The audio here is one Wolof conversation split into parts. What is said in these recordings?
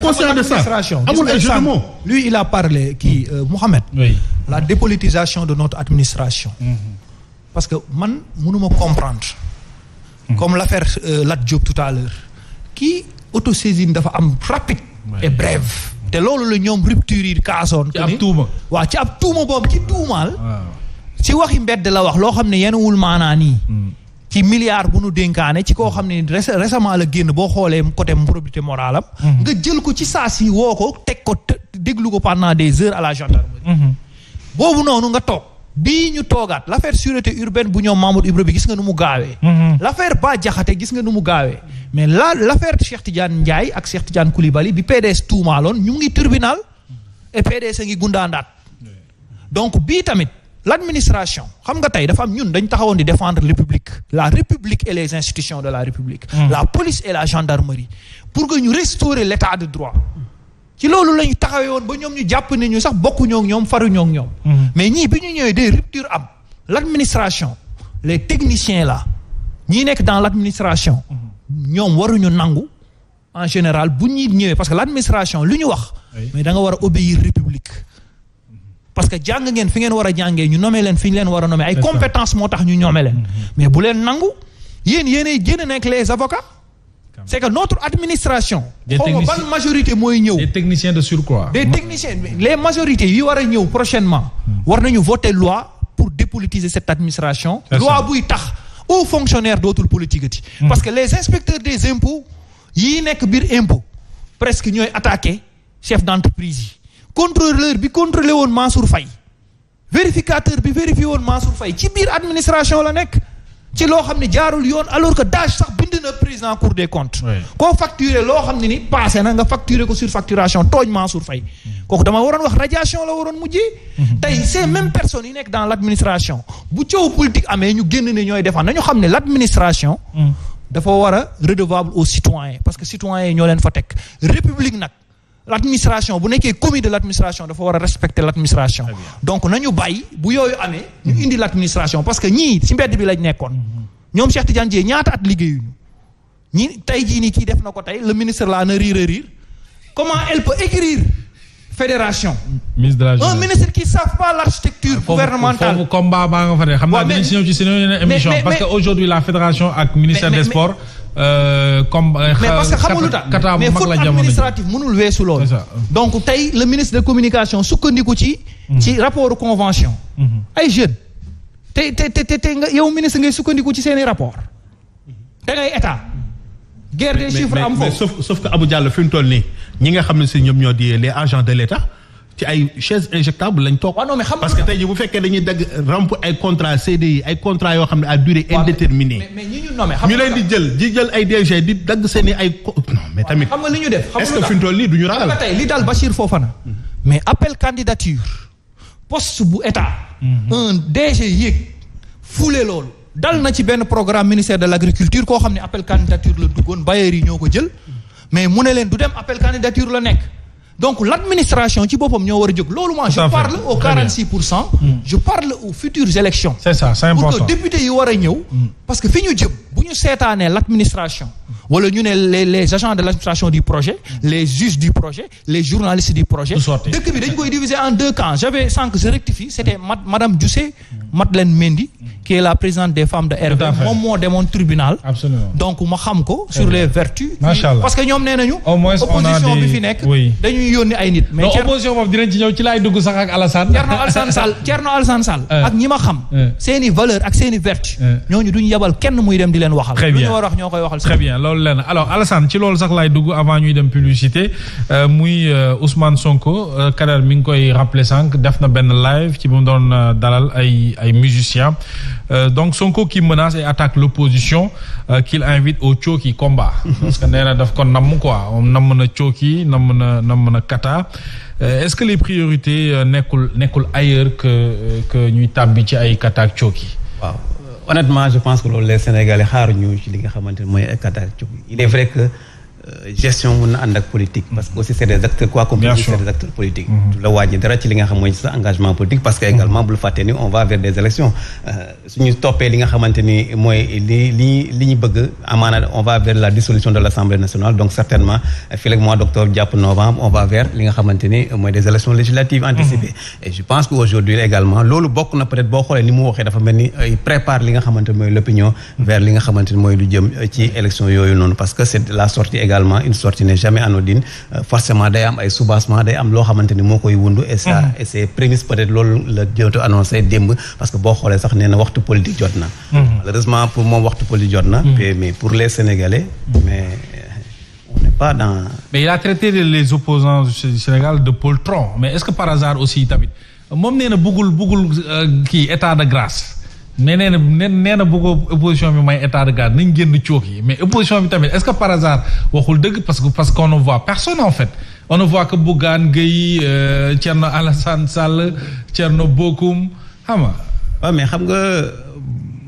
conscient de ça amul ay jeu de il a parlé kii euh, la dépolitisation de notre administration mm-hmm. parce que man mënuma comprendre mm-hmm. comme l'affaire euh, Lat Diop tout à l'heure kii autosaisine dafa am rapide et brève te loolu la ñoom rupture yi kaasoon ci ab tuuma waaw ci ab tuuma boobu ci tuumaal ci waxi mbedd la wax loo xam ne yenn wul ci milliard bu nu dénkaane ci koo xam ne récemment la génn boo xoolee côté probité morale am mhm. nga jël ko ci saa si woo ko teg ko déglu ko pendant des heures à la gendarmerie mhm. boobu noonu nga toog bii ñu toogaat l' affaire sûreté urbaine bu ñoom Mamadou Ibra bi gis nga nu mu gaawee mhm. l' affaire Bah gis nga nu mu gaawee mais la l' affaire Cheikh Tidiane Ndiaye ak Cheikh Tidiane Koulibaly bi PDS tuumaaloon ñu ngi tribunal et PDS a ngi gundaandaat donc bii tamit l' administration xam nga tey dafa am ñun dañ taxawoon di défendre le la République et les institutions de la République. Mmh. la police et la gendarmerie. pour que ñu restaurer l'état de droit. ci loolu la ñu taxawee woon ba ñoom ñu jàpp ne ñu sax bokkuñoo ak ñoom faruñoo ak ñoom. Hmm. mais ñii bi ñu ñëwee des ruptures am. l'administration les techniciens là ñi nekk dans l'administration. ñoom waruñu nangu. en général bu ñuy ñëwee parce que l'administration lu ñu wax. mais da nga war a obéir République. parce que jàng ngeen fi ngeen war a jàngee ñu nommé leen fi leen war a ay compétence moo tax ñu ñoome leen mm-hmm. mais bu leen nangu yéen yéenay génn nekk les avocats c'est que notre administration xawma ban majorité mooy ñëw des techniciens de surcroît des techniciens les majorités yi war a ñëw prochainement mm. war nañu voter loi pour dépolitiser cette administration loi buy tax au fonctionnaire dootul politique mm. parce que les inspecteurs des impôts yii nekk biir impôt presque ñooy attaqué chef d'entreprise yi contrôleur bi contrôlé woon Mansour fay vérificateur bi vérifié woon Mansour fay ci biir administration la nekk ci loo xam ne jaarul yoon alors que daaj sax bind na président cour de comptes. koo facturé loo xam ne ni passé na nga facturé ko sur facturation tooñ Mansour Faye kooku dama waroon wax radiation la waroon mujjee. Mhm. tey ces mêmes personne yi nekk dans l' administration bu coow politique amee ñu génn ne ñooy na nañu xam ne l' administration. Mhm. dafa war a parce que citoyens yi ñoo leen fa teg république nag. l'administration bu nekkee commis de l'administration dafa war a respecter l'administration donc nañu bàyyi bu yooyu amee ñu indi l'administration parce que ñii ci mbedd bi lañ nekkoon ñoom Cheikh Tidiane Dièye ñaata at liggéeyuñu ñi tey jii nii kii def na ko tey le ministre laa na rire rire comment elle peut écrire fédération. ministre de un ministre qui ne pas l'architecture ah, gouvernementale foofu combat baa nga fa de xam naa dañu si ñëw ci seen émission parce que aujourd'hui Euh, comme euh, mais parce que xamul lu tax mais faute administrative mënul weesu loolu donc tey le ministre de communication sukkandiku ci mhm. ci rapport convention mhm. ay jeunes te te te te nga yow ministre ngay sukkandiku ci seeni rapport da ngay état guerre des chiffres am foofu sauf que Abou Diallo fi mu toll nii ñi nga xam ne si ñoom ñoo di les agents de l'état ci ay chaise injectable lañ toog. waaw non parce que tey jii bu fekkee dañuy dagg ramp ay contrat CDI ay contrat yoo xam ne à durée indéterminée. mais mais ñi ñu leen di jël di jël ay DG di dagg seen i ay. non mais tamit ñu def. est-ce que fi mu toll nii du ñu ragal. tey li daal Bachir Fofana. Mhm. mais appel candidature poste bu état. Mhm. un DG yéeg fule loolu. dal na ci benn programme ministère de l'agriculture koo xam ne appel candidature la duggoon bailleurs yi ñoo ko jël mais mu ne leen du dem appel candidature la donc l' administration ci boppam ñoo war a jóg loolu moi je parle aux 46 pour cent hmm. je parle aux futures élections c'est ça c'est important pour que député hmm. ñu jëm bu ñu seetaanee l' administration wala ñu ne les les agents de l' administration du projet hmm. les juges du projet les journalistes du projet dëkk bi dañ koy diviser en deux camps j'avais sans que je rectifie c' était madame Diossé Madeleine Mendy qui la présidente des femmes de RV moom moo demoon tribunal Absolument. donc ma xam ko sur eh les vertus parce que ñoom nee nañu opposition bi fi nekk dañuy yónni ay nit mais opposition boobu dinañ ci ñëw ci laay dugg sax ak Alassane Thierno Alassane Sall Thierno Alassane Sall eh. ak ñi ma xam eh. seeni i valeur ak seen i vertu ñooñu duñu yebal kenn muy dem di leen waxal lu ñu war ñoo koy waxal très bien loolu lenn alors Alassane ci loolu sax laay dugg avant ñuy dem publicité euh, muy euh, Ousmane Sonko euh, Kader mi ngi koy rappelé sànq def na benn live ci bu mu doon dalal ay ay musiciens Euh, donc Sonko qui menace et attaque l'opposition euh, qu'il invite au Thioki combat parce que nee na daf ko namm quoi namm na Thioki namm na namm na Kata euh, est-ce que les priorités euh, nekkul nekkul ailleurs que euh, que ñuy tàbbi ci ay Kata ak Thioki waaw honnêtement je pense que loolu les Sénégalais xaaruñu ci li nga xamante ne mooy ay Kata ak Thioki il est vrai que Euh, gestion mun na ànd ak politique. parce que aussi c' des acteurs quoi comme. bien des acteurs politiques. du mhm. la wàññi dara ci li nga xam mhm. euh, ni mooy li ñu bëgg amaana on la dissolution de l' nationale donc certainement fii mois d' jàpp novembre on va vers li nga xamante ni mooy des élections législatives anticipées. Mhm. je pense que aujourd'hui également loolu bokk na peut être boo xoolee ni mu waxee dafa mel ni euh, prépare li nga xamante ni également une sortie n'est jamais anodine euh, forcément day am ay soubassement day am loo xamante ni moo koy wundu et ça mm-hmm. et c'est prémisse peut-être la jot annoncé démb parce que boo xoolee sax nee waxtu politique jot na mm-hmm. mm-hmm. mais pour les Sénégalais mais euh, il a traité les opposants du de poltron mais est-ce que par hasard aussi tamit moom nee na bëggul euh, kii état de grâce mais nee na nee na bu ko opposition bi may état de garde nañ génn coow yi mais opposition bi tamit est-ce que par hasard waxul dëgg parce que parce qu'on ne voit personne en fait on ne voit que Bougane Gueye euh, Thierno Alassane Sall Thierno Bocoum xam nga. waaw mais xam nga.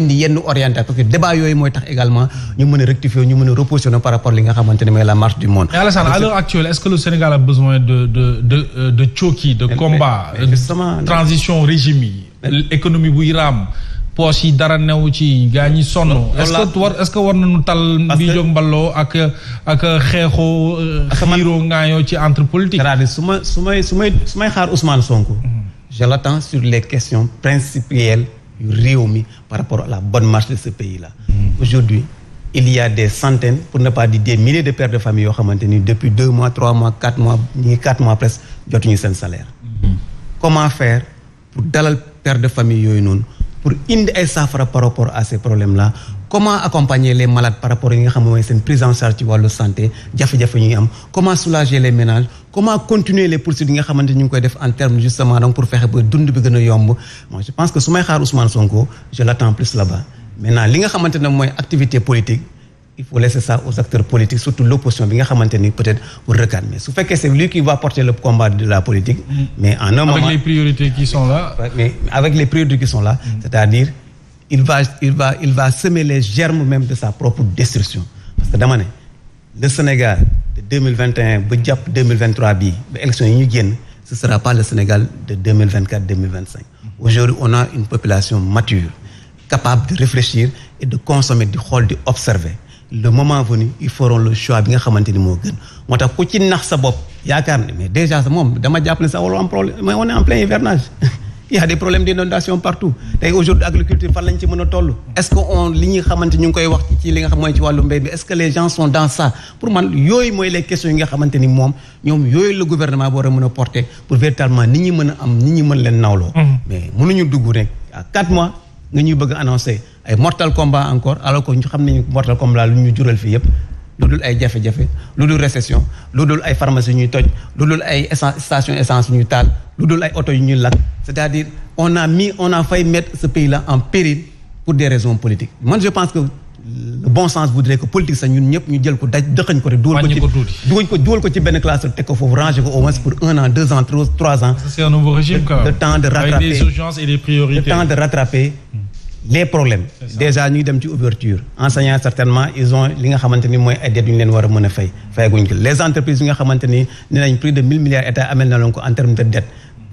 indi yenn orientation parce que débat yooyu mooy tax également ñu mën a rectifier ñu mën a repositionner par rapport li nga xamante ne mooy la marche du monde. mais Alassane actuelle est-ce que le Sénégal a besoin de de de euh, de choki de combat. de transition régime yi. économie buy raam. poche yi dara new ci gaa ñi sonn. est-ce que war est-ce que war nañu tal. bi jóg mbaloo ak ak xeexoo. Euh, xiiroo ngaayoo ci entre politique. c'est-à-dire su may su may may xaar Ousmane Sonko. Mm-hmm. je l'attends sur les questions principielles. yu réew mi par rapport à la bonne marche de ce pays là. Hmm. aujourd'hui il y a des centaines pour ne pas dire des milliers de pères de famille yoo xamante ni depuis deux mois trois mois quatre mois ñu ngi mois presque jotuñu seen salaire. Mmh. comment faire pour dalal pères de famille yooyu noonu pour indi ay saafara par rapport à ces problèmes là comment accompagner les malades par rapport yi nga xam mooy seen prise en charge ci wàllu santé jafe-jafe ñu am comment soulager les ménages comment continuer les poursuites yi nga xamante ñu ngi koy def en terme justement donc pour fexe ba dund bi gën a yomb je pense que su may xaar Ousmane Sonko je l'attends plus là-bas maintenant li nga xamante ne mooy activité politique il faut laisser ça aux surtout l'opposition bi nga xamante ni peut-être pour recadrer su il va il va il va semer les germe même de sa propre destruction parce que dama ne le Sénégal de deux mille vingt et un ba jàpp deux mille vingt trois bii ba élection yi ñu génn ce sera pas le Sénégal de deux mille cinq aujourd'hui on a une population mature capable de réfléchir et de consommer di xool di observer le moment venu ils feront le choix bi nga xamante ni moo gën moo tax ku ci nax sa bopp yaakaar ne mais déjà sa moom dama jàpp ne sax wala am problème mais on est en plein hivernage il y a des problèmes d'inondation partout tey aujourd'hui agriculture fan lañ ci mën a toll est-ce que on li ñuy xamante ñu ngi koy wax ci li nga xam mooy ci wàllu mbéy bi est-ce que les gens sont pour man yooyu mooy les questions yi nga xamante ni moom ñoom yooyu la gouvernement bi war a mën a porter pour véritablement nit ñi mën a am nit ñi mën leen nawloo mais mënuñu dugg rek à quatre mois nga ñuy bëgg a ay mortal combat encore alors que lu dul ay jafe-jafe lu dul récession lu dul ay pharmacie ñuy toj lu dul ay station essence ñuy taal lu dul ay oto yu ñuy lakk c'est-à-dire on a mis on a failli mettre ce pays-là en péril pour des raisons politiques man je pense que le bon sens voudrait que politique sax ñun ñëpp ñu jël ko daj ko te dugal ko ko ci benn classe teg ko foofu ranger ko au moins pour un an deux ans trois ans. c'est un nouveau temps de rattraper avec temps de rattraper. les problèmes déjà ñu dem ci ouverture enseignants certainement ils ont li nga xamante mooy ay dettes ñu leen war a mën a fay fayaguñ ko les entreprises yi nga xamante ni nee de mille milliards état amel na leen ko en terme de dette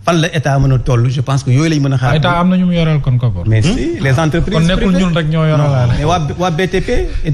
fan la état mën a toll je pense que yooyu lañ mën a xaar état am na ñu mu yoreel kon ko mais si les entreprises kon nekkul ñun rek ñoo yoreel waa BTP